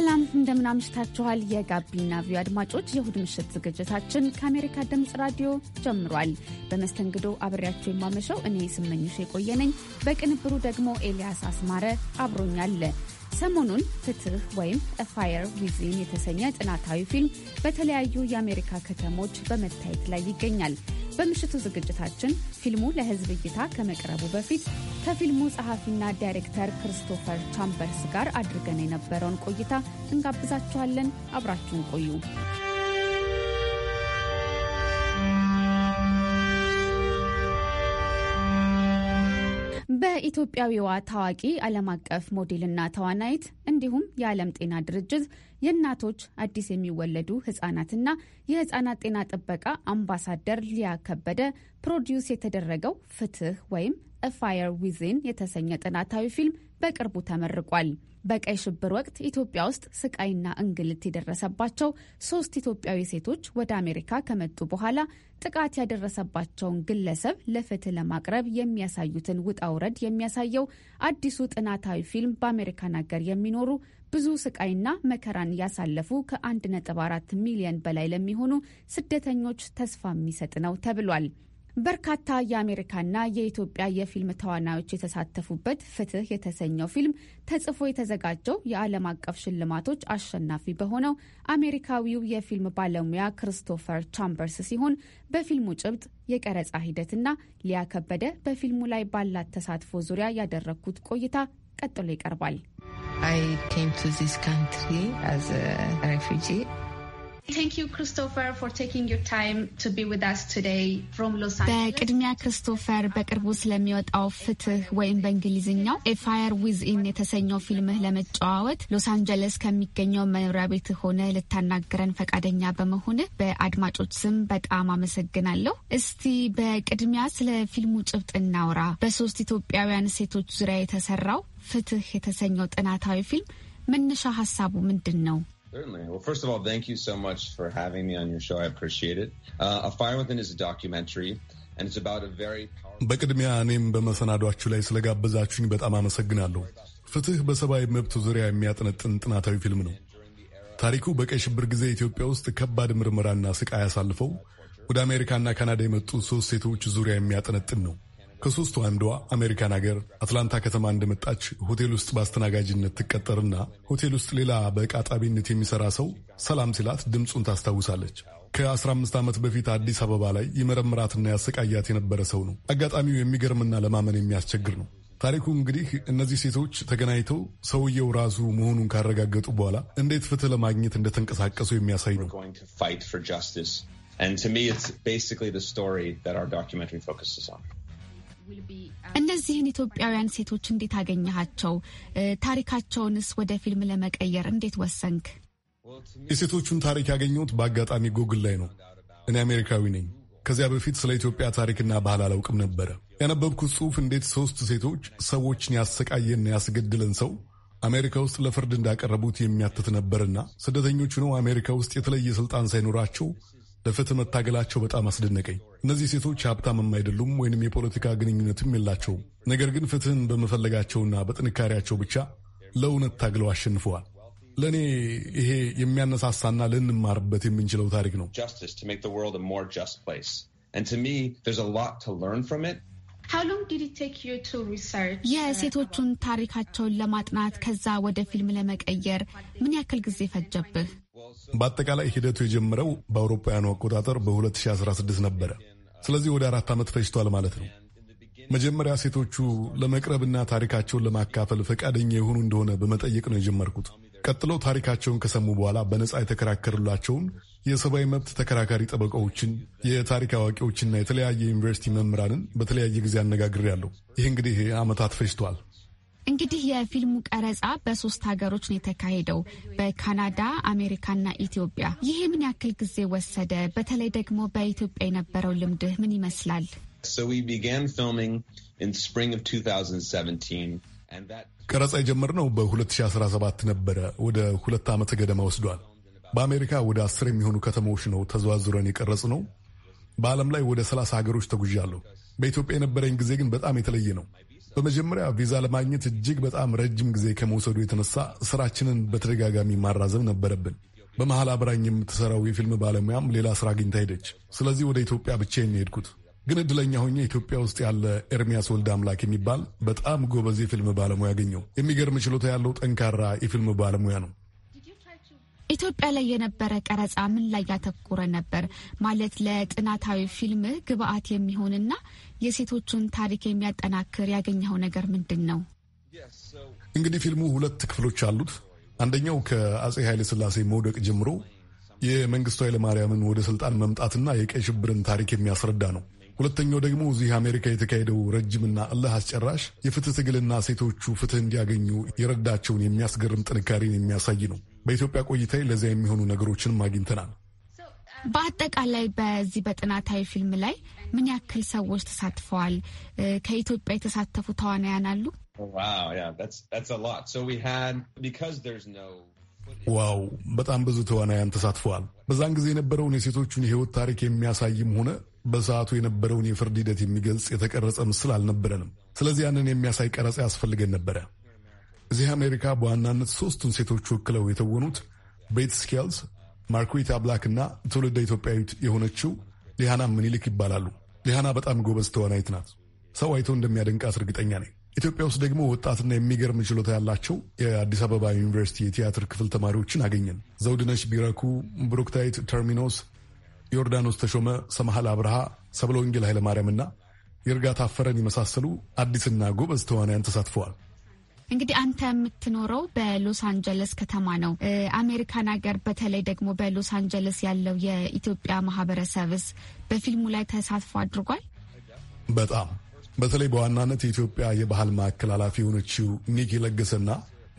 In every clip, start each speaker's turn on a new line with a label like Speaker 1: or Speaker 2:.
Speaker 1: ሰላም እንደምናምሽታችኋል። የጋቢና ቪዮ አድማጮች የእሁድ ምሽት ዝግጅታችን ከአሜሪካ ድምፅ ራዲዮ ጀምሯል። በመስተንግዶ አብሬያቸው የማመሸው እኔ ስመኝሽ የቆየነኝ፣ በቅንብሩ ደግሞ ኤልያስ አስማረ አብሮኛል። ሰሞኑን ፍትህ ወይም ፋየር ዊዚን የተሰኘ ጥናታዊ ፊልም በተለያዩ የአሜሪካ ከተሞች በመታየት ላይ ይገኛል። በምሽቱ ዝግጅታችን ፊልሙ ለሕዝብ እይታ ከመቅረቡ በፊት ከፊልሙ ጸሐፊና ዳይሬክተር ክርስቶፈር ቻምበርስ ጋር አድርገን የነበረውን ቆይታ እንጋብዛችኋለን። አብራችሁን ቆዩ። በኢትዮጵያዊዋ ታዋቂ ዓለም አቀፍ ሞዴልና ተዋናይት እንዲሁም የዓለም ጤና ድርጅት የእናቶች አዲስ የሚወለዱ ህጻናትና የህጻናት ጤና ጥበቃ አምባሳደር ሊያ ከበደ ፕሮዲውስ የተደረገው ፍትህ ወይም ፋየር ዊዜን የተሰኘ ጥናታዊ ፊልም በቅርቡ ተመርቋል። በቀይ ሽብር ወቅት ኢትዮጵያ ውስጥ ስቃይና እንግልት የደረሰባቸው ሶስት ኢትዮጵያዊ ሴቶች ወደ አሜሪካ ከመጡ በኋላ ጥቃት ያደረሰባቸውን ግለሰብ ለፍትህ ለማቅረብ የሚያሳዩትን ውጣ ውረድ የሚያሳየው አዲሱ ጥናታዊ ፊልም በአሜሪካን ሀገር የሚኖሩ ብዙ ስቃይና መከራን ያሳለፉ ከ1.4 ሚሊዮን በላይ ለሚሆኑ ስደተኞች ተስፋ የሚሰጥ ነው ተብሏል። በርካታ የአሜሪካና የኢትዮጵያ የፊልም ተዋናዮች የተሳተፉበት ፍትህ የተሰኘው ፊልም ተጽፎ የተዘጋጀው የዓለም አቀፍ ሽልማቶች አሸናፊ በሆነው አሜሪካዊው የፊልም ባለሙያ ክርስቶፈር ቻምበርስ ሲሆን በፊልሙ ጭብጥ የቀረጻ ሂደትና ሊያከበደ በፊልሙ ላይ ባላት ተሳትፎ ዙሪያ ያደረግኩት ቆይታ ቀጥሎ ይቀርባል። I came to this country as a refugee በቅድሚያ ክርስቶፈር በቅርቡ ስለሚወጣው ፍትህ ወይም በእንግሊዝኛው ኤፋየር ዊዝኢን የተሰኘው ፊልምህ ለመጨዋወት ሎስ አንጀለስ ከሚገኘው መኖሪያ ቤት ሆነ ልታናገረን ፈቃደኛ በመሆንህ በአድማጮች ስም በጣም አመሰግናለሁ። እስቲ በቅድሚያ ስለ ፊልሙ ጭብጥ እናውራ። በሶስት ኢትዮጵያውያን ሴቶች ዙሪያ የተሰራው ፍትህ የተሰኘው ጥናታዊ ፊልም መነሻ ሀሳቡ ምንድን ነው?
Speaker 2: Certainly. Well, first of all, thank you so much for having me on your show. I appreciate it. Uh, A Fire Within is a documentary.
Speaker 3: በቅድሚያ እኔም በመሰናዷችሁ ላይ ስለጋበዛችሁኝ በጣም አመሰግናለሁ። ፍትህ በሰብአዊ መብት ዙሪያ የሚያጠነጥን ጥናታዊ ፊልም ነው። ታሪኩ በቀይ ሽብር ጊዜ ኢትዮጵያ ውስጥ ከባድ ምርመራና ስቃይ አሳልፈው ወደ አሜሪካና ካናዳ የመጡ ሶስት ሴቶች ዙሪያ የሚያጠነጥን ነው። ከሶስቱ አንዷ አሜሪካን ሀገር አትላንታ ከተማ እንደመጣች ሆቴል ውስጥ በአስተናጋጅነት ትቀጠርና ሆቴል ውስጥ ሌላ በዕቃ ጣቢነት ሰው ሰላም ሲላት ድምፁን ታስታውሳለች። ከ15 ዓመት በፊት አዲስ አበባ ላይ የመረምራትና ያሰቃያት የነበረ ሰው ነው። አጋጣሚው የሚገርምና ለማመን የሚያስቸግር ነው። ታሪኩ እንግዲህ እነዚህ ሴቶች ተገናኝተው ሰውየው ራሱ መሆኑን ካረጋገጡ በኋላ እንዴት ፍትህ ለማግኘት እንደተንቀሳቀሱ የሚያሳይ ነው።
Speaker 2: And to me, it's basically the story that our documentary focuses
Speaker 1: on. እነዚህን ኢትዮጵያውያን ሴቶች እንዴት አገኘሃቸው? ታሪካቸውንስ ወደ ፊልም ለመቀየር እንዴት ወሰንክ?
Speaker 3: የሴቶቹን ታሪክ ያገኘሁት በአጋጣሚ ጎግል ላይ ነው። እኔ አሜሪካዊ ነኝ። ከዚያ በፊት ስለ ኢትዮጵያ ታሪክና ባህል አላውቅም ነበረ። ያነበብኩት ጽሑፍ እንዴት ሶስት ሴቶች ሰዎችን ያሰቃየና ያስገድለን ሰው አሜሪካ ውስጥ ለፍርድ እንዳቀረቡት የሚያትት ነበርና ስደተኞች ሆነው አሜሪካ ውስጥ የተለየ ስልጣን ሳይኖራቸው ለፍትህ መታገላቸው በጣም አስደነቀኝ። እነዚህ ሴቶች ሀብታምም አይደሉም ወይንም የፖለቲካ ግንኙነትም የላቸውም። ነገር ግን ፍትህን በመፈለጋቸውና በጥንካሬያቸው ብቻ ለእውነት ታግለው አሸንፈዋል። ለእኔ ይሄ የሚያነሳሳና ልንማርበት የምንችለው ታሪክ ነው።
Speaker 1: የሴቶቹን ታሪካቸውን ለማጥናት ከዛ ወደ ፊልም ለመቀየር ምን ያክል ጊዜ ፈጀብህ?
Speaker 3: በአጠቃላይ ሂደቱ የጀመረው በአውሮፓውያኑ አቆጣጠር በ2016 ነበረ። ስለዚህ ወደ አራት ዓመት ፈጅቷል ማለት ነው። መጀመሪያ ሴቶቹ ለመቅረብና ታሪካቸውን ለማካፈል ፈቃደኛ የሆኑ እንደሆነ በመጠየቅ ነው የጀመርኩት። ቀጥለው ታሪካቸውን ከሰሙ በኋላ በነፃ የተከራከሩላቸውን የሰብአዊ መብት ተከራካሪ ጠበቃዎችን፣ የታሪክ አዋቂዎችና የተለያየ ዩኒቨርሲቲ መምህራንን በተለያየ ጊዜ አነጋግሬያለሁ። ይህ እንግዲህ ዓመታት ፈጅቷል።
Speaker 1: እንግዲህ የፊልሙ ቀረጻ በሶስት ሀገሮች ነው የተካሄደው፣ በካናዳ፣ አሜሪካና ኢትዮጵያ። ይሄ ምን ያክል ጊዜ ወሰደ? በተለይ ደግሞ በኢትዮጵያ የነበረው ልምድህ ምን ይመስላል?
Speaker 3: ቀረጻ የጀመርነው በ2017 ነበረ። ወደ ሁለት ዓመት ገደማ ወስዷል። በአሜሪካ ወደ አስር የሚሆኑ ከተሞች ነው ተዘዋዝረን የቀረጽ ነው። በዓለም ላይ ወደ ሰላሳ ሀገሮች ተጉዣለሁ። በኢትዮጵያ የነበረኝ ጊዜ ግን በጣም የተለየ ነው። በመጀመሪያ ቪዛ ለማግኘት እጅግ በጣም ረጅም ጊዜ ከመውሰዱ የተነሳ ስራችንን በተደጋጋሚ ማራዘም ነበረብን። በመሀል አብራኝ የምትሰራው የፊልም ባለሙያም ሌላ ስራ አግኝታ ሄደች። ስለዚህ ወደ ኢትዮጵያ ብቻዬን የሄድኩት ግን እድለኛ ሆኜ ኢትዮጵያ ውስጥ ያለ ኤርሚያስ ወልደ አምላክ የሚባል በጣም ጎበዝ የፊልም ባለሙያ አገኘው። የሚገርም ችሎታ ያለው ጠንካራ የፊልም ባለሙያ ነው።
Speaker 1: ኢትዮጵያ ላይ የነበረ ቀረጻ ምን ላይ ያተኮረ ነበር? ማለት ለጥናታዊ ፊልም ግብአት የሚሆንና የሴቶቹን ታሪክ የሚያጠናክር ያገኘኸው ነገር ምንድን ነው?
Speaker 3: እንግዲህ ፊልሙ ሁለት ክፍሎች አሉት። አንደኛው ከአጼ ኃይለ ስላሴ መውደቅ ጀምሮ የመንግስቱ ኃይለማርያምን ወደ ስልጣን መምጣትና የቀይ ሽብርን ታሪክ የሚያስረዳ ነው። ሁለተኛው ደግሞ እዚህ አሜሪካ የተካሄደው ረጅምና እልህ አስጨራሽ የፍትህ ትግልና ሴቶቹ ፍትህ እንዲያገኙ የረዳቸውን የሚያስገርም ጥንካሬን የሚያሳይ ነው። በኢትዮጵያ ቆይታዬ ለዚያ የሚሆኑ ነገሮችን አግኝተናል።
Speaker 1: በአጠቃላይ በዚህ በጥናታዊ ፊልም ላይ ምን ያክል ሰዎች ተሳትፈዋል? ከኢትዮጵያ የተሳተፉ ተዋናያን አሉ?
Speaker 3: ዋው በጣም ብዙ ተዋናያን ተሳትፈዋል። በዛን ጊዜ የነበረውን የሴቶቹን የህይወት ታሪክ የሚያሳይም ሆነ በሰዓቱ የነበረውን የፍርድ ሂደት የሚገልጽ የተቀረጸ ምስል አልነበረንም። ስለዚህ ያንን የሚያሳይ ቀረጻ ያስፈልገን ነበረ። እዚህ አሜሪካ በዋናነት ሶስቱን ሴቶች ወክለው የተወኑት ቤት ስኬልስ፣ ማርኩዊታ ብላክ እና ትውልደ ኢትዮጵያዊት የሆነችው ሊሃና ምኒልክ ይባላሉ። ሊሃና በጣም ጎበዝ ተዋናይት ናት። ሰው አይቶ እንደሚያደንቃት እርግጠኛ ነኝ። ኢትዮጵያ ውስጥ ደግሞ ወጣትና የሚገርም ችሎታ ያላቸው የአዲስ አበባ ዩኒቨርሲቲ የቲያትር ክፍል ተማሪዎችን አገኘን። ዘውድነሽ ቢረኩ፣ ብሩክታይት ተርሚኖስ፣ ዮርዳኖስ ተሾመ፣ ሰማሃል አብርሃ፣ ሰብለ ወንጌል ኃይለማርያምና የእርጋታ አፈረን የመሳሰሉ አዲስና ጎበዝ ተዋናያን ተሳትፈዋል።
Speaker 1: እንግዲህ አንተ የምትኖረው በሎስ አንጀለስ ከተማ ነው። አሜሪካን ሀገር በተለይ ደግሞ በሎስ አንጀለስ ያለው የኢትዮጵያ ማህበረሰብስ በፊልሙ ላይ ተሳትፎ አድርጓል?
Speaker 3: በጣም በተለይ በዋናነት የኢትዮጵያ የባህል ማዕከል ኃላፊ የሆነችው ኒክ ለገሰና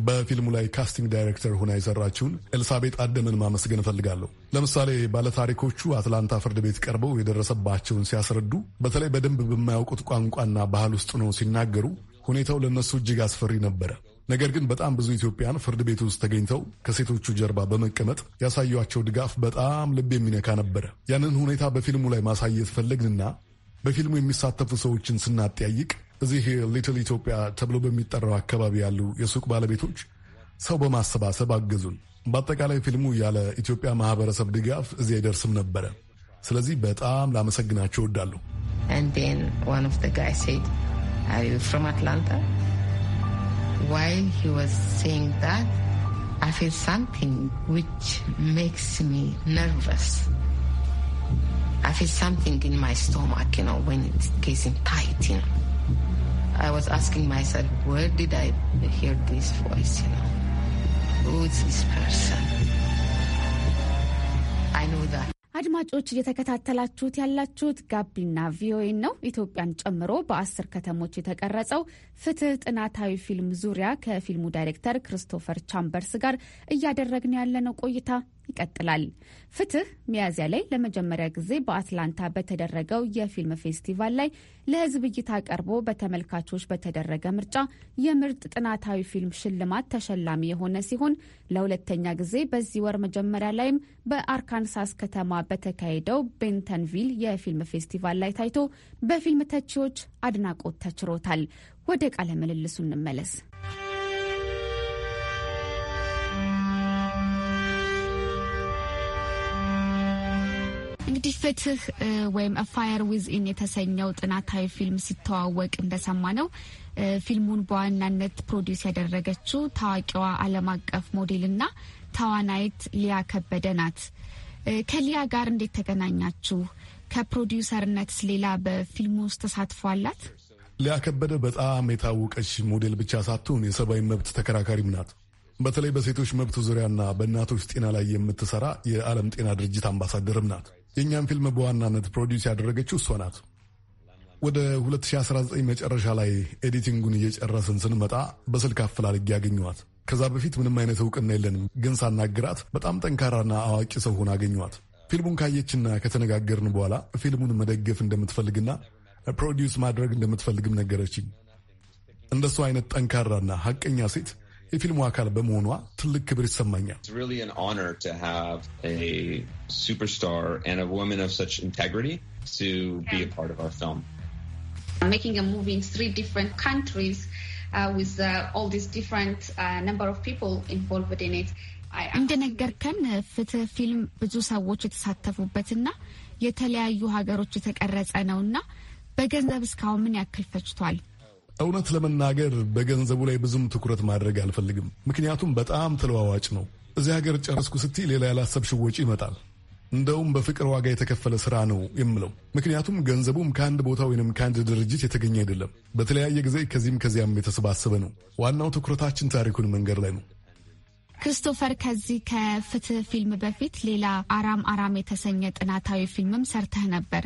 Speaker 3: በፊልሙ ላይ ካስቲንግ ዳይሬክተር ሆና የሰራችውን ኤልሳቤጥ አደመን ማመስገን እፈልጋለሁ። ለምሳሌ ባለታሪኮቹ አትላንታ ፍርድ ቤት ቀርበው የደረሰባቸውን ሲያስረዱ፣ በተለይ በደንብ በማያውቁት ቋንቋና ባህል ውስጥ ነው ሲናገሩ ሁኔታው ለእነሱ እጅግ አስፈሪ ነበረ። ነገር ግን በጣም ብዙ ኢትዮጵያን ፍርድ ቤት ውስጥ ተገኝተው ከሴቶቹ ጀርባ በመቀመጥ ያሳዩቸው ድጋፍ በጣም ልብ የሚነካ ነበረ። ያንን ሁኔታ በፊልሙ ላይ ማሳየት ፈለግንና በፊልሙ የሚሳተፉ ሰዎችን ስናጠያይቅ እዚህ ሊትል ኢትዮጵያ ተብሎ በሚጠራው አካባቢ ያሉ የሱቅ ባለቤቶች ሰው በማሰባሰብ አገዙን። በአጠቃላይ ፊልሙ ያለ ኢትዮጵያ ማህበረሰብ ድጋፍ እዚህ አይደርስም ነበረ። ስለዚህ በጣም ላመሰግናቸው እወዳለሁ።
Speaker 1: I'm from Atlanta. While he was saying that, I feel something which makes me nervous. I feel something in my stomach, you know, when it's getting tight, you know. I was asking myself, where did I hear this voice, you know? Who is this person? I know that አድማጮች እየተከታተላችሁት ያላችሁት ጋቢና ቪኦኤ ነው። ኢትዮጵያን ጨምሮ በአስር ከተሞች የተቀረጸው ፍትህ ጥናታዊ ፊልም ዙሪያ ከፊልሙ ዳይሬክተር ክርስቶፈር ቻምበርስ ጋር እያደረግን ያለነው ቆይታ ይቀጥላል። ፍትህ ሚያዝያ ላይ ለመጀመሪያ ጊዜ በአትላንታ በተደረገው የፊልም ፌስቲቫል ላይ ለህዝብ እይታ ቀርቦ በተመልካቾች በተደረገ ምርጫ የምርጥ ጥናታዊ ፊልም ሽልማት ተሸላሚ የሆነ ሲሆን ለሁለተኛ ጊዜ በዚህ ወር መጀመሪያ ላይም በአርካንሳስ ከተማ በተካሄደው ቤንተንቪል የፊልም ፌስቲቫል ላይ ታይቶ በፊልም ተቺዎች አድናቆት ተችሮታል። ወደ ቃለ ምልልሱ እንመለስ። እንግዲህ ፍትህ ወይም አፋየር ዊዝ ኢን የተሰኘው ጥናታዊ ፊልም ሲተዋወቅ እንደሰማ ነው ፊልሙን በዋናነት ፕሮዲውስ ያደረገችው ታዋቂዋ ዓለም አቀፍ ሞዴልና ተዋናይት ሊያ ከበደ ናት። ከሊያ ጋር እንዴት ተገናኛችሁ? ከፕሮዲውሰርነት ሌላ በፊልሙ ውስጥ ተሳትፎ አላት?
Speaker 3: ሊያ ከበደ በጣም የታወቀች ሞዴል ብቻ ሳትሆን የሰብአዊ መብት ተከራካሪም ናት። በተለይ በሴቶች መብት ዙሪያና በእናቶች ጤና ላይ የምትሰራ የዓለም ጤና ድርጅት አምባሳደርም ናት። የእኛን ፊልም በዋናነት ፕሮዲውስ ያደረገችው እሷ ናት። ወደ 2019 መጨረሻ ላይ ኤዲቲንጉን እየጨረስን ስንመጣ በስልክ አፈላልጌ ያገኘዋት። ከዛ በፊት ምንም አይነት እውቅና የለንም፣ ግን ሳናግራት በጣም ጠንካራና አዋቂ ሰው ሆና አገኘዋት። ፊልሙን ካየችና ከተነጋገርን በኋላ ፊልሙን መደገፍ እንደምትፈልግና ፕሮዲውስ ማድረግ እንደምትፈልግም ነገረችኝ። እንደሱ አይነት ጠንካራና ሀቀኛ ሴት የፊልሙ አካል በመሆኗ ትልቅ ክብር ይሰማኛል።
Speaker 2: uh, uh,
Speaker 1: uh, እንደነገርከን ፍትህ ፊልም ብዙ ሰዎች የተሳተፉበትና የተለያዩ ሀገሮች የተቀረጸ ነው ና በገንዘብ እስካሁን ምን ያክል ፈጅቷል?
Speaker 3: እውነት ለመናገር በገንዘቡ ላይ ብዙም ትኩረት ማድረግ አልፈልግም። ምክንያቱም በጣም ተለዋዋጭ ነው። እዚህ ሀገር ጨረስኩ ስትይ ሌላ ያላሰብሽው ወጪ ይመጣል። እንደውም በፍቅር ዋጋ የተከፈለ ስራ ነው የምለው። ምክንያቱም ገንዘቡም ከአንድ ቦታ ወይንም ከአንድ ድርጅት የተገኘ አይደለም። በተለያየ ጊዜ ከዚህም ከዚያም የተሰባሰበ ነው። ዋናው ትኩረታችን ታሪኩን መንገድ ላይ ነው።
Speaker 1: ክሪስቶፈር ከዚህ ከፍትህ ፊልም በፊት ሌላ አራም አራም የተሰኘ ጥናታዊ ፊልምም ሰርተህ ነበር።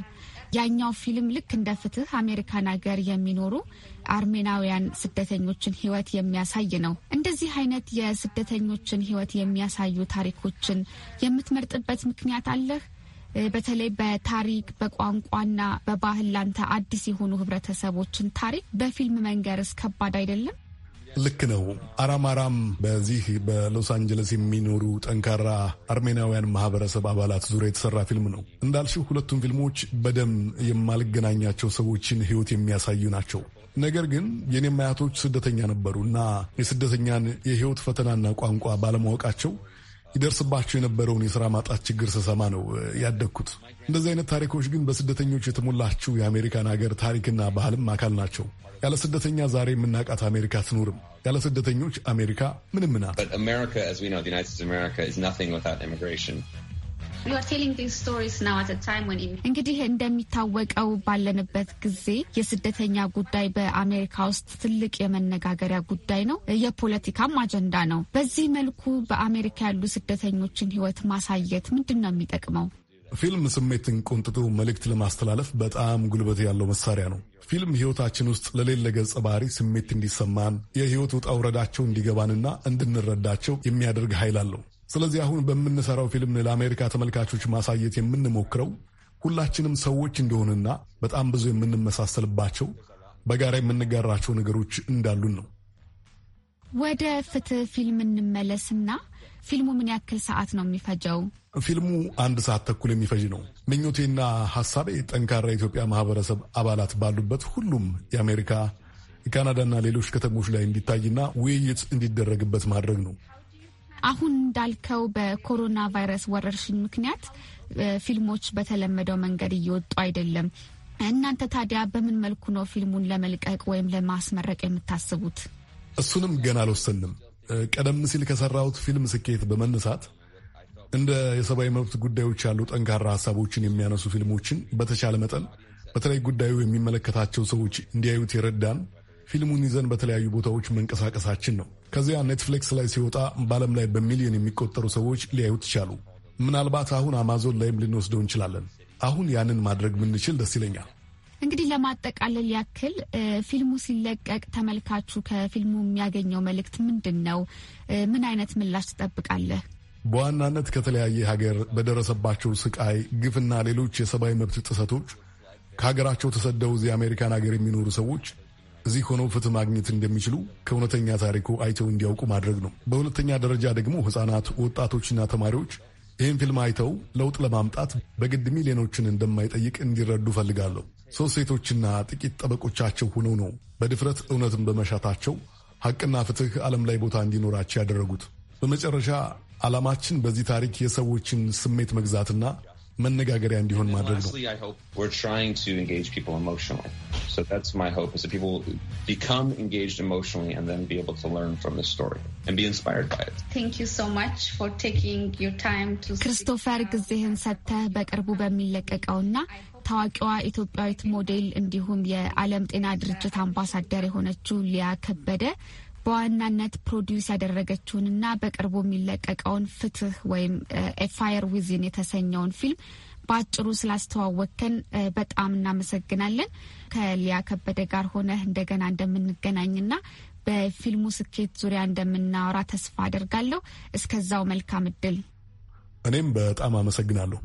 Speaker 1: ያኛው ፊልም ልክ እንደ ፍትህ አሜሪካን ሀገር የሚኖሩ አርሜናውያን ስደተኞችን ህይወት የሚያሳይ ነው። እንደዚህ አይነት የስደተኞችን ህይወት የሚያሳዩ ታሪኮችን የምትመርጥበት ምክንያት አለህ? በተለይ በታሪክ በቋንቋና በባህል ላንተ አዲስ የሆኑ ህብረተሰቦችን ታሪክ በፊልም መንገርስ ከባድ አይደለም?
Speaker 3: ልክ ነው። አራም አራም በዚህ በሎስ አንጀለስ የሚኖሩ ጠንካራ አርሜናውያን ማህበረሰብ አባላት ዙሪያ የተሰራ ፊልም ነው። እንዳልሽው ሁለቱም ፊልሞች በደም የማልገናኛቸው ሰዎችን ህይወት የሚያሳዩ ናቸው። ነገር ግን የኔም አያቶች ስደተኛ ነበሩ እና የስደተኛን የህይወት ፈተናና ቋንቋ ባለማወቃቸው ይደርስባቸው የነበረውን የስራ ማጣት ችግር ስሰማ ነው ያደግኩት። እንደዚህ አይነት ታሪኮች ግን በስደተኞች የተሞላችው የአሜሪካን ሀገር ታሪክና ባህልም አካል ናቸው። ያለ ስደተኛ ዛሬ የምናውቃት አሜሪካ አትኖርም። ያለ ስደተኞች አሜሪካ
Speaker 2: ምንም ናት።
Speaker 1: እንግዲህ እንደሚታወቀው ባለንበት ጊዜ የስደተኛ ጉዳይ በአሜሪካ ውስጥ ትልቅ የመነጋገሪያ ጉዳይ ነው፣ የፖለቲካም አጀንዳ ነው። በዚህ መልኩ በአሜሪካ ያሉ ስደተኞችን ሕይወት ማሳየት ምንድን ነው የሚጠቅመው?
Speaker 3: ፊልም ስሜትን ቆንጥጦ መልእክት ለማስተላለፍ በጣም ጉልበት ያለው መሳሪያ ነው። ፊልም ሕይወታችን ውስጥ ለሌለ ገጸ ባህሪ ስሜት እንዲሰማን፣ የሕይወት ውጣ ውረዳቸው እንዲገባንና እንድንረዳቸው የሚያደርግ ኃይል አለው። ስለዚህ አሁን በምንሰራው ፊልም ለአሜሪካ ተመልካቾች ማሳየት የምንሞክረው ሁላችንም ሰዎች እንደሆንና በጣም ብዙ የምንመሳሰልባቸው በጋራ የምንጋራቸው ነገሮች እንዳሉን ነው።
Speaker 1: ወደ ፍትህ ፊልም እንመለስና ፊልሙ ምን ያክል ሰዓት ነው የሚፈጀው?
Speaker 3: ፊልሙ አንድ ሰዓት ተኩል የሚፈጅ ነው። ምኞቴና ሀሳቤ ጠንካራ የኢትዮጵያ ማህበረሰብ አባላት ባሉበት ሁሉም የአሜሪካ የካናዳና ሌሎች ከተሞች ላይ እንዲታይና ውይይት እንዲደረግበት ማድረግ ነው።
Speaker 1: አሁን እንዳልከው በኮሮና ቫይረስ ወረርሽኝ ምክንያት ፊልሞች በተለመደው መንገድ እየወጡ አይደለም። እናንተ ታዲያ በምን መልኩ ነው ፊልሙን ለመልቀቅ ወይም ለማስመረቅ የምታስቡት?
Speaker 3: እሱንም ገና አልወሰንም። ቀደም ሲል ከሰራሁት ፊልም ስኬት በመነሳት እንደ የሰብአዊ መብት ጉዳዮች ያሉ ጠንካራ ሀሳቦችን የሚያነሱ ፊልሞችን በተቻለ መጠን በተለይ ጉዳዩ የሚመለከታቸው ሰዎች እንዲያዩት የረዳን ፊልሙን ይዘን በተለያዩ ቦታዎች መንቀሳቀሳችን ነው። ከዚያ ኔትፍሊክስ ላይ ሲወጣ በዓለም ላይ በሚሊዮን የሚቆጠሩ ሰዎች ሊያዩት ይቻሉ። ምናልባት አሁን አማዞን ላይም ልንወስደው እንችላለን። አሁን ያንን ማድረግ ምንችል ደስ ይለኛል።
Speaker 1: እንግዲህ ለማጠቃለል ያክል ፊልሙ ሲለቀቅ ተመልካቹ ከፊልሙ የሚያገኘው መልእክት ምንድን ነው? ምን አይነት ምላሽ ትጠብቃለህ?
Speaker 3: በዋናነት ከተለያየ ሀገር በደረሰባቸው ስቃይ፣ ግፍና ሌሎች የሰብአዊ መብት ጥሰቶች ከሀገራቸው ተሰደው እዚህ አሜሪካን ሀገር የሚኖሩ ሰዎች እዚህ ሆነው ፍትህ ማግኘት እንደሚችሉ ከእውነተኛ ታሪኩ አይተው እንዲያውቁ ማድረግ ነው። በሁለተኛ ደረጃ ደግሞ ህጻናት፣ ወጣቶችና ተማሪዎች ይህን ፊልም አይተው ለውጥ ለማምጣት በግድ ሚሊዮኖችን እንደማይጠይቅ እንዲረዱ ፈልጋለሁ። ሶስት ሴቶችና ጥቂት ጠበቆቻቸው ሆነው ነው በድፍረት እውነትን በመሻታቸው ሐቅና ፍትህ ዓለም ላይ ቦታ እንዲኖራቸው ያደረጉት። በመጨረሻ ዓላማችን በዚህ ታሪክ የሰዎችን ስሜት መግዛትና መነጋገሪያ እንዲሆን ማድረግ ነው።
Speaker 1: ክርስቶፈር ጊዜህን ሰጥተህ በቅርቡ በሚለቀቀውና ታዋቂዋ ኢትዮጵያዊት ሞዴል እንዲሁም የዓለም ጤና ድርጅት አምባሳደር የሆነችው ሊያ ከበደ በዋናነት ፕሮዲውስ ያደረገችውንና በቅርቡ የሚለቀቀውን ፍትህ ወይም ኤፋየር ዊዝን የተሰኘውን ፊልም በአጭሩ ስላስተዋወቅከን በጣም እናመሰግናለን። ከሊያ ከበደ ጋር ሆነህ እንደገና እንደምንገናኝና በፊልሙ ስኬት ዙሪያ እንደምናወራ ተስፋ አደርጋለሁ። እስከዛው መልካም እድል።
Speaker 3: እኔም በጣም አመሰግናለሁ።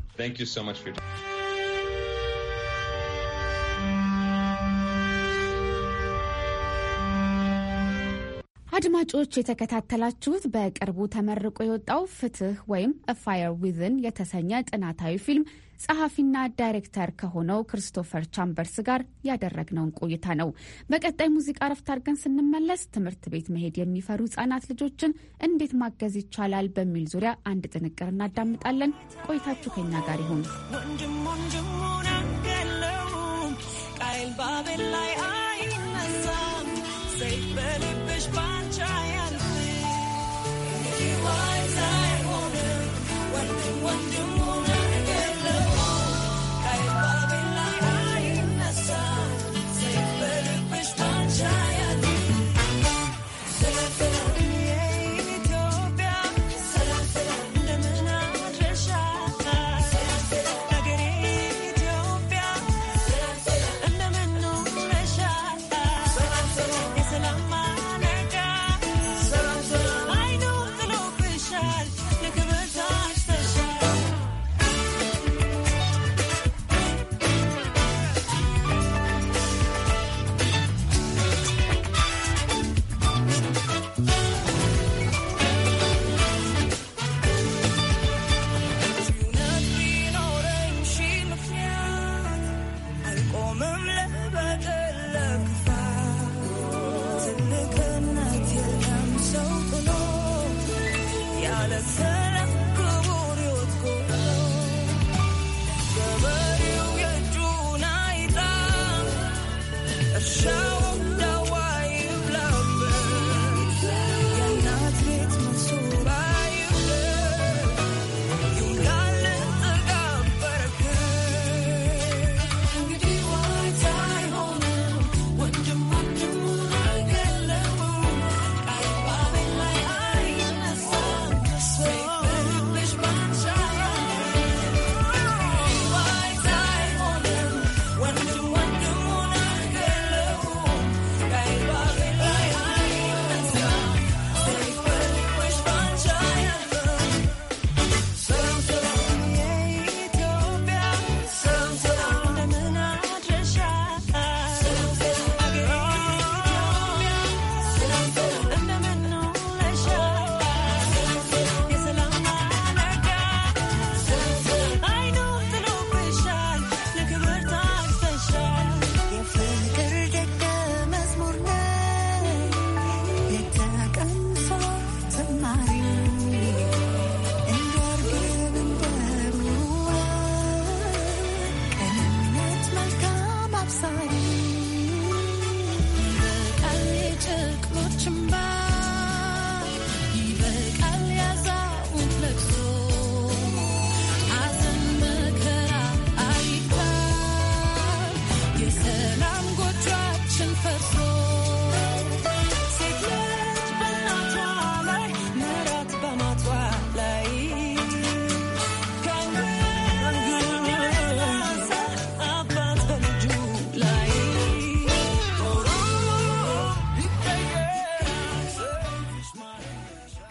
Speaker 1: አድማጮች የተከታተላችሁት በቅርቡ ተመርቆ የወጣው ፍትህ ወይም ፋየር ዊዝን የተሰኘ ጥናታዊ ፊልም ጸሐፊና ዳይሬክተር ከሆነው ክርስቶፈር ቻምበርስ ጋር ያደረግነውን ቆይታ ነው። በቀጣይ ሙዚቃ ረፍት አድርገን ስንመለስ ትምህርት ቤት መሄድ የሚፈሩ ህጻናት ልጆችን እንዴት ማገዝ ይቻላል በሚል ዙሪያ አንድ ጥንቅር እናዳምጣለን። ቆይታችሁ ከኛ ጋር ይሁን።
Speaker 4: ቃይል ባቤል ላይ አይነሳም one you.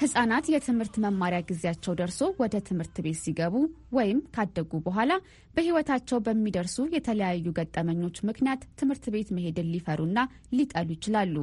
Speaker 1: ህጻናት የትምህርት መማሪያ ጊዜያቸው ደርሶ ወደ ትምህርት ቤት ሲገቡ ወይም ካደጉ በኋላ በህይወታቸው በሚደርሱ የተለያዩ ገጠመኞች ምክንያት ትምህርት ቤት መሄድን ሊፈሩና ሊጠሉ ይችላሉ።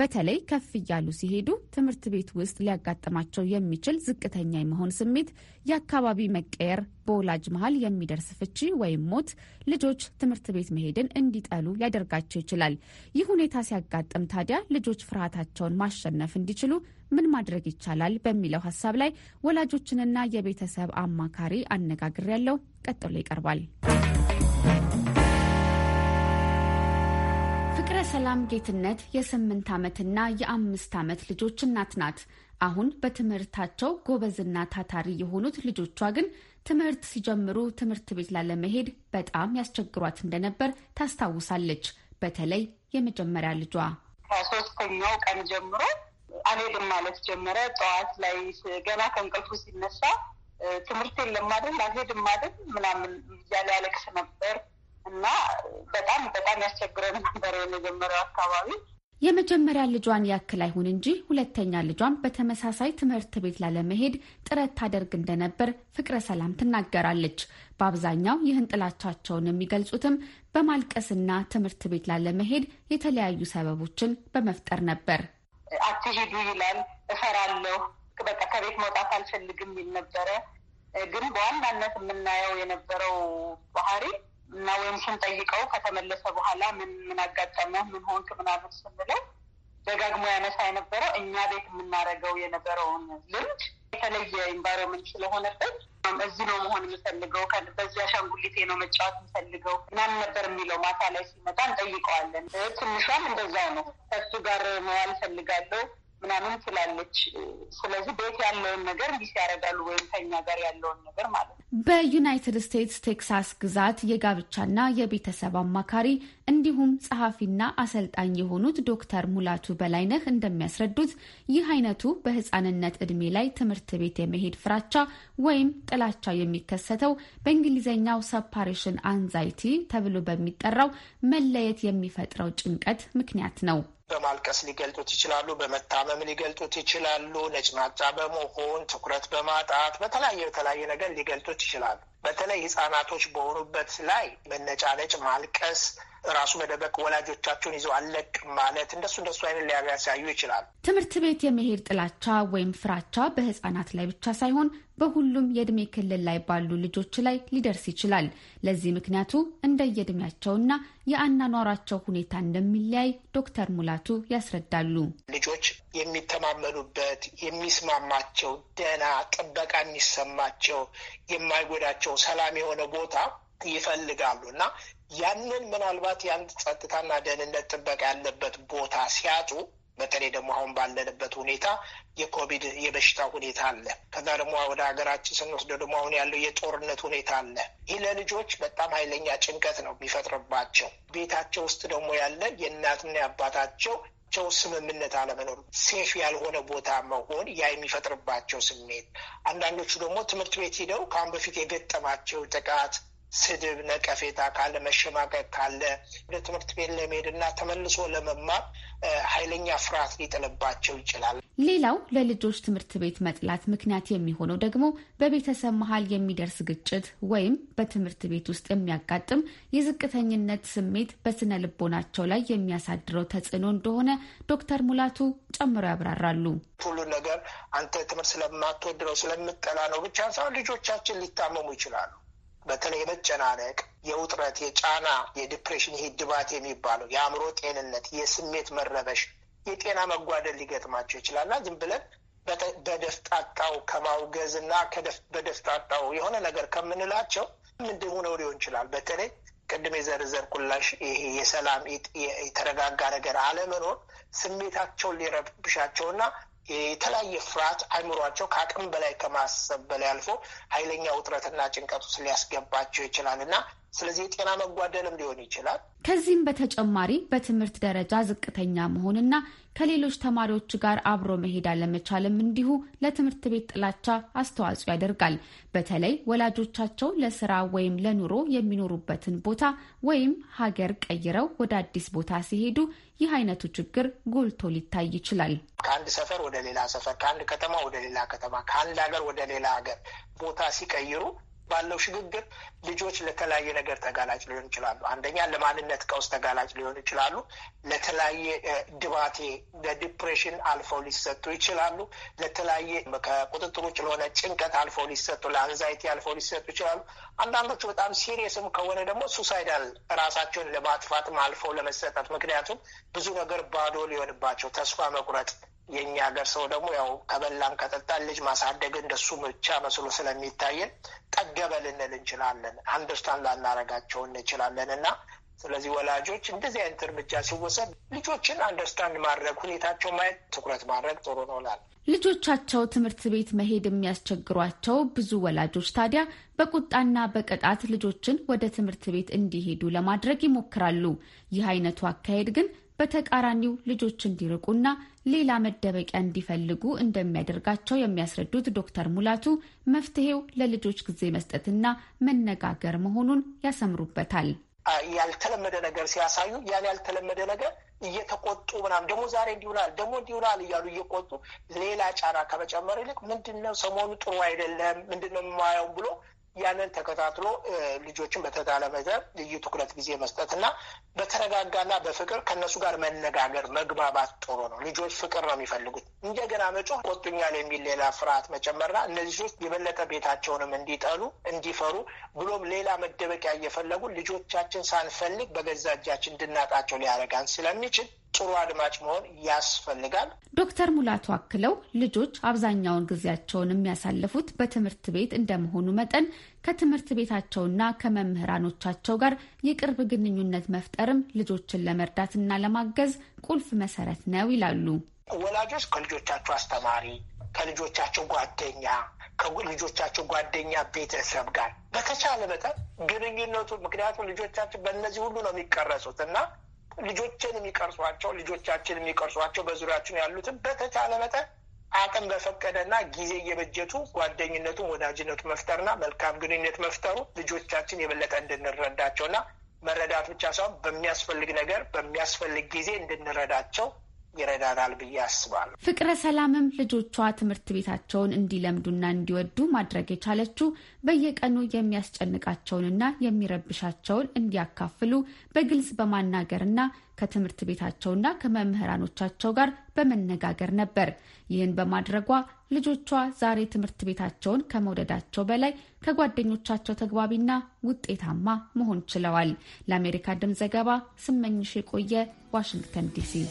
Speaker 1: በተለይ ከፍ እያሉ ሲሄዱ ትምህርት ቤት ውስጥ ሊያጋጥማቸው የሚችል ዝቅተኛ የመሆን ስሜት የአካባቢ መቀየር፣ በወላጅ መሀል የሚደርስ ፍቺ ወይም ሞት ልጆች ትምህርት ቤት መሄድን እንዲጠሉ ያደርጋቸው ይችላል። ይህ ሁኔታ ሲያጋጥም ታዲያ ልጆች ፍርሃታቸውን ማሸነፍ እንዲችሉ ምን ማድረግ ይቻላል በሚለው ሀሳብ ላይ ወላጆችንና የቤተሰብ አማካሪ አነጋግሬያለሁ። ቀጥሎ ይቀርባል። የሰላም ጌትነት የስምንት ዓመትና የአምስት ዓመት ልጆች እናት ናት። አሁን በትምህርታቸው ጎበዝና ታታሪ የሆኑት ልጆቿ ግን ትምህርት ሲጀምሩ ትምህርት ቤት ላለመሄድ በጣም ያስቸግሯት እንደነበር ታስታውሳለች። በተለይ የመጀመሪያ ልጇ
Speaker 5: ከሶስተኛው ቀን ጀምሮ አልሄድም ማለት ጀመረ። ጠዋት ላይ ገና ከእንቅልፉ ሲነሳ ትምህርት የለም አይደል፣ አልሄድም አይደል ምናምን እያለ ያለቅስ ነበር። እና በጣም በጣም ያስቸግረን ነበር የመጀመሪያው አካባቢ።
Speaker 1: የመጀመሪያ ልጇን ያክል አይሁን እንጂ ሁለተኛ ልጇን በተመሳሳይ ትምህርት ቤት ላለመሄድ ጥረት ታደርግ እንደነበር ፍቅረ ሰላም ትናገራለች። በአብዛኛው ይህን ጥላቻቸውን የሚገልጹትም በማልቀስና ትምህርት ቤት ላለመሄድ የተለያዩ ሰበቦችን በመፍጠር ነበር። አትሄዱ
Speaker 5: ይላል፣ እፈራለሁ፣ በቃ ከቤት መውጣት አልፈልግም ይል ነበረ። ግን በዋናነት የምናየው የነበረው ባህሪ እና ወይም ስንጠይቀው ከተመለሰ በኋላ ምን ምን አጋጠመህ ምን ሆንክ ምናምን ስንለው ደጋግሞ ያነሳ የነበረው እኛ ቤት የምናደርገው የነበረውን ልምድ የተለየ ኢንቫይሮንመንት ስለሆነበት እዚህ ነው መሆን የምፈልገው፣ በዚህ አሻንጉሊቴ ነው መጫወት የምፈልገው ምናምን ነበር የሚለው። ማታ ላይ ሲመጣ እንጠይቀዋለን። ትንሿም እንደዛ ነው። ከሱ ጋር መዋል ፈልጋለሁ ምናምን ትላለች። ስለዚህ ቤት ያለውን ነገር እንዲህ ያደርጋሉ ወይም ከኛ ጋር ያለውን ነገር ማለት
Speaker 1: ነው። በዩናይትድ ስቴትስ ቴክሳስ ግዛት የጋብቻና የቤተሰብ አማካሪ እንዲሁም ጸሐፊና አሰልጣኝ የሆኑት ዶክተር ሙላቱ በላይነህ እንደሚያስረዱት ይህ አይነቱ በህፃንነት እድሜ ላይ ትምህርት ቤት የመሄድ ፍራቻ ወይም ጥላቻ የሚከሰተው በእንግሊዝኛው ሰፓሬሽን አንዛይቲ ተብሎ በሚጠራው መለየት የሚፈጥረው ጭንቀት ምክንያት ነው።
Speaker 6: በማልቀስ ሊገልጡት ይችላሉ። በመታመም ሊገልጡት ይችላሉ። ነጭናጫ በመሆን ትኩረት በማጣት በተለያየ በተለያየ ነገር ሊገልጡት ይችላሉ። በተለይ ህጻናቶች በሆኑበት ላይ መነጫነጭ፣ ማልቀስ ራሱ መደበቅ፣ ወላጆቻቸውን ይዘው አለቅ ማለት እንደሱ እንደሱ አይነት ሊያሳዩ ይችላል።
Speaker 1: ትምህርት ቤት የመሄድ ጥላቻ ወይም ፍራቻ በህጻናት ላይ ብቻ ሳይሆን በሁሉም የእድሜ ክልል ላይ ባሉ ልጆች ላይ ሊደርስ ይችላል። ለዚህ ምክንያቱ እንደየዕድሜያቸውና የአናኗሯቸው ሁኔታ እንደሚለያይ ዶክተር ሙላቱ ያስረዳሉ።
Speaker 6: ልጆች የሚተማመኑበት የሚስማማቸው፣ ደህና ጥበቃ የሚሰማቸው፣ የማይጎዳቸው ሰላም የሆነ ቦታ ይፈልጋሉ እና ያንን ምናልባት የአንድ ጸጥታና ደህንነት ጥበቃ ያለበት ቦታ ሲያጡ በተለይ ደግሞ አሁን ባለንበት ሁኔታ የኮቪድ የበሽታ ሁኔታ አለ። ከዛ ደግሞ ወደ ሀገራችን ስንወስደ ደግሞ አሁን ያለው የጦርነት ሁኔታ አለ። ይህ ለልጆች በጣም ኃይለኛ ጭንቀት ነው የሚፈጥርባቸው። ቤታቸው ውስጥ ደግሞ ያለ የእናትና የአባታቸው ቸው ስምምነት አለመኖር፣ ሴፍ ያልሆነ ቦታ መሆን ያ የሚፈጥርባቸው ስሜት፣ አንዳንዶቹ ደግሞ ትምህርት ቤት ሂደው ከአሁን በፊት የገጠማቸው ጥቃት ስድብ፣ ነቀፌታ ካለ መሸማቀቅ ካለ ወደ ትምህርት ቤት ለመሄድና ተመልሶ ለመማር ኃይለኛ ፍርሃት ሊጥልባቸው ይችላል።
Speaker 1: ሌላው ለልጆች ትምህርት ቤት መጥላት ምክንያት የሚሆነው ደግሞ በቤተሰብ መሀል የሚደርስ ግጭት ወይም በትምህርት ቤት ውስጥ የሚያጋጥም የዝቅተኝነት ስሜት በስነ ልቦናቸው ላይ የሚያሳድረው ተጽዕኖ እንደሆነ ዶክተር ሙላቱ ጨምሮ ያብራራሉ።
Speaker 6: ሁሉ ነገር አንተ ትምህርት ስለማትወድረው ስለምጠላ ነው ብቻ ሳይሆን ልጆቻችን ሊታመሙ ይችላሉ በተለይ የመጨናነቅ፣ የውጥረት፣ የጫና፣ የዲፕሬሽን፣ ይሄ ድባት የሚባለው የአእምሮ ጤንነት፣ የስሜት መረበሽ፣ የጤና መጓደል ሊገጥማቸው ይችላልና ዝም ብለን በደፍጣጣው ከማውገዝ እና በደፍጣጣው የሆነ ነገር ከምንላቸው ምንድን ሆነው ሊሆን ይችላል። በተለይ ቅድም የዘርዘር ኩላሽ ይሄ የሰላም የተረጋጋ ነገር አለመኖር ስሜታቸውን ሊረብሻቸውና የተለያየ ፍርሃት አይምሯቸው ከአቅም በላይ ከማሰብ በላይ አልፎ ኃይለኛ ውጥረትና ጭንቀት ውስጥ ሊያስገባቸው ይችላል እና ስለዚህ የጤና መጓደልም ሊሆን ይችላል።
Speaker 1: ከዚህም በተጨማሪ በትምህርት ደረጃ ዝቅተኛ መሆንና ከሌሎች ተማሪዎች ጋር አብሮ መሄድ አለመቻልም እንዲሁ ለትምህርት ቤት ጥላቻ አስተዋጽኦ ያደርጋል። በተለይ ወላጆቻቸው ለስራ ወይም ለኑሮ የሚኖሩበትን ቦታ ወይም ሀገር ቀይረው ወደ አዲስ ቦታ ሲሄዱ ይህ አይነቱ ችግር ጎልቶ ሊታይ ይችላል።
Speaker 6: ከአንድ ሰፈር ወደ ሌላ ሰፈር፣ ከአንድ ከተማ ወደ ሌላ ከተማ፣ ከአንድ ሀገር ወደ ሌላ ሀገር ቦታ ሲቀይሩ ባለው ሽግግር ልጆች ለተለያየ ነገር ተጋላጭ ሊሆኑ ይችላሉ። አንደኛ ለማንነት ቀውስ ተጋላጭ ሊሆኑ ይችላሉ። ለተለያየ ድባቴ፣ ለዲፕሬሽን አልፈው ሊሰጡ ይችላሉ። ለተለያየ ከቁጥጥር ውጭ ለሆነ ጭንቀት አልፈው ሊሰጡ፣ ለአንዛይቲ አልፈው ሊሰጡ ይችላሉ። አንዳንዶቹ በጣም ሲሪየስም ከሆነ ደግሞ ሱሳይዳል ራሳቸውን ለማጥፋትም አልፈው ለመሰጠት፣ ምክንያቱም ብዙ ነገር ባዶ ሊሆንባቸው ተስፋ መቁረጥ የእኛ ሀገር ሰው ደግሞ ያው ከበላን ከጠጣን ልጅ ማሳደግ እንደሱ ብቻ መስሎ ስለሚታየን ጠገበ ልንል እንችላለን። አንደርስታንድ ላናረጋቸው እንችላለን እና ስለዚህ ወላጆች እንደዚህ አይነት እርምጃ ሲወሰድ ልጆችን አንደርስታንድ ማድረግ ሁኔታቸው ማየት ትኩረት ማድረግ ጥሩ ነው
Speaker 1: ልጆቻቸው ትምህርት ቤት መሄድ የሚያስቸግሯቸው ብዙ ወላጆች ታዲያ በቁጣና በቅጣት ልጆችን ወደ ትምህርት ቤት እንዲሄዱ ለማድረግ ይሞክራሉ። ይህ አይነቱ አካሄድ ግን በተቃራኒው ልጆች እንዲርቁና ሌላ መደበቂያ እንዲፈልጉ እንደሚያደርጋቸው የሚያስረዱት ዶክተር ሙላቱ መፍትሄው ለልጆች ጊዜ መስጠትና መነጋገር መሆኑን ያሰምሩበታል።
Speaker 6: ያልተለመደ ነገር ሲያሳዩ ያን ያልተለመደ ነገር እየተቆጡ ምናምን ደግሞ ዛሬ እንዲውላል ደግሞ እንዲውላል እያሉ እየቆጡ ሌላ ጫና ከመጨመር ይልቅ ምንድነው ሰሞኑ ጥሩ አይደለም ምንድነው የማየው ብሎ ያንን ተከታትሎ ልጆችን በተቻለ መጠን ልዩ ትኩረት ጊዜ መስጠትና በተረጋጋና በፍቅር ከእነሱ ጋር መነጋገር መግባባት ጥሩ ነው። ልጆች ፍቅር ነው የሚፈልጉት። እንደገና መጮህ ቆጡኛል የሚል ሌላ ፍርሃት መጨመርና እነዚህ ልጆች የበለጠ ቤታቸውንም እንዲጠሉ እንዲፈሩ፣ ብሎም ሌላ መደበቂያ እየፈለጉ ልጆቻችን ሳንፈልግ በገዛ እጃችን እንድናጣቸው
Speaker 1: ሊያደርጋን ስለሚችል ጥሩ አድማጭ መሆን ያስፈልጋል። ዶክተር ሙላቱ አክለው ልጆች አብዛኛውን ጊዜያቸውን የሚያሳልፉት በትምህርት ቤት እንደመሆኑ መጠን ከትምህርት ቤታቸውና ከመምህራኖቻቸው ጋር የቅርብ ግንኙነት መፍጠርም ልጆችን ለመርዳትና ለማገዝ ቁልፍ መሰረት ነው ይላሉ።
Speaker 6: ወላጆች ከልጆቻቸው አስተማሪ፣ ከልጆቻቸው ጓደኛ፣ ከልጆቻቸው ጓደኛ ቤተሰብ ጋር በተቻለ መጠን ግንኙነቱ ምክንያቱም ልጆቻችን በእነዚህ ሁሉ ነው የሚቀረጹት እና ልጆችን የሚቀርጿቸው ልጆቻችን የሚቀርጿቸው በዙሪያችን ያሉትን በተቻለ መጠን አቅም በፈቀደና ጊዜ እየበጀቱ ጓደኝነቱን ወዳጅነቱ መፍጠርና መልካም ግንኙነት መፍጠሩ ልጆቻችን የበለጠ እንድንረዳቸውና መረዳት ብቻ ሳይሆን በሚያስፈልግ ነገር በሚያስፈልግ ጊዜ እንድንረዳቸው ይረዳናል ብዬ አስባለሁ።
Speaker 1: ፍቅረ ሰላምም ልጆቿ ትምህርት ቤታቸውን እንዲለምዱና እንዲወዱ ማድረግ የቻለችው በየቀኑ የሚያስጨንቃቸውንና የሚረብሻቸውን እንዲያካፍሉ በግልጽ በማናገርና ከትምህርት ቤታቸውና ከመምህራኖቻቸው ጋር በመነጋገር ነበር። ይህን በማድረጓ ልጆቿ ዛሬ ትምህርት ቤታቸውን ከመውደዳቸው በላይ ከጓደኞቻቸው ተግባቢና ውጤታማ መሆን ችለዋል። ለአሜሪካ ድምፅ ዘገባ ስመኝሽ የቆየ ዋሽንግተን ዲሲ።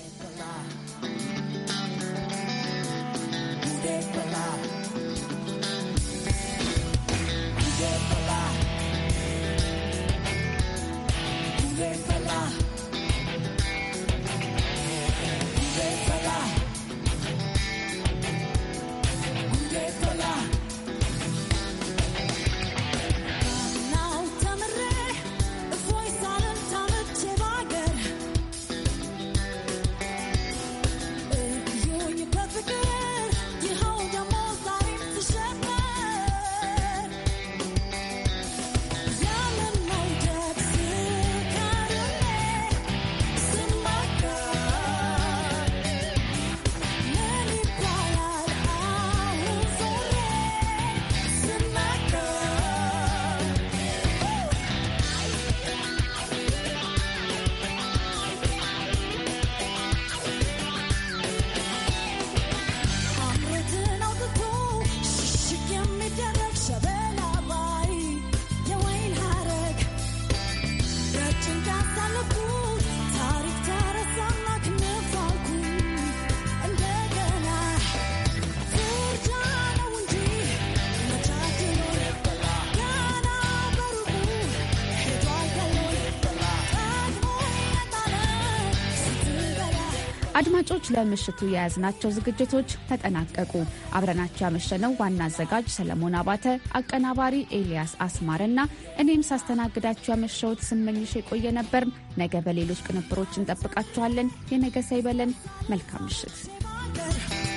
Speaker 1: አድማጮች ለምሽቱ የያዝናቸው ዝግጅቶች ተጠናቀቁ። አብረናቸው ያመሸነው ዋና አዘጋጅ ሰለሞን አባተ፣ አቀናባሪ ኤልያስ አስማርና እኔም ሳስተናግዳችሁ ያመሸሁት ስመኝሽ የቆየ ነበር። ነገ በሌሎች ቅንብሮች እንጠብቃችኋለን። የነገ ሳይበለን መልካም ምሽት።